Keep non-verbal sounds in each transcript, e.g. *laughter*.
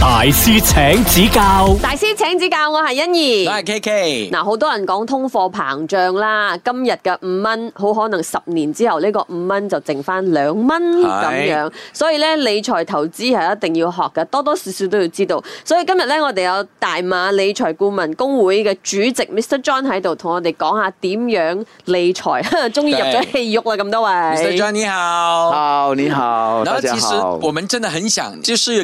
大師請指教，大師請指教，我係欣宜，我係 K K。嗱，好多人講通貨膨脹啦，今日嘅五蚊，好可能十年之後呢、這個五蚊就剩翻兩蚊咁樣，所以咧理財投資係一定要學嘅，多多少少都要知道。所以今日咧，我哋有大馬理財顧問公會嘅主席 Mr John 喺度，同我哋講下點樣理財。終 *laughs* 於入咗戲肉啦，咁多對位。Mr John 你好，好你好，嗯、好。其實我們真的很想，就是。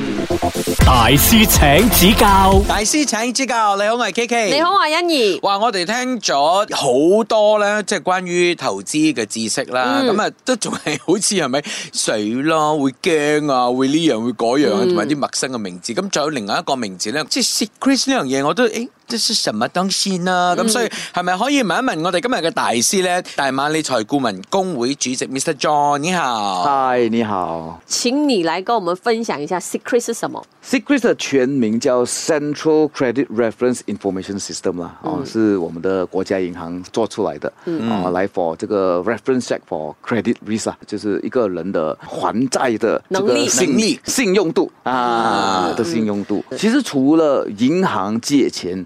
大師請指教，大師請指教。你好，我係 K K。你好，我係欣宜。話我哋聽咗好多咧，即係關於投資嘅知識啦。咁啊、嗯，都仲係好似係咪水咯？會驚啊，會呢樣，會嗰樣，同埋啲陌生嘅名字。咁仲有另外一個名字咧，即係 secret 呢樣嘢，我都誒。欸這是什麼東西呢？咁、嗯、所以係咪可以問一問我哋今日嘅大師呢？大馬理財顧問公會主席 Mr. John，你好。嗨，你好。請你嚟跟我們分享一下 secret 係什麼？secret 嘅全名叫 Central Credit Reference Information System 啦、嗯，哦，是我們的國家銀行做出來的，哦、嗯，來 for 這個 reference check for credit visa，就是一個人的還債的這能力、信力、信用度啊、嗯、的信用度。嗯、其實除了銀行借錢。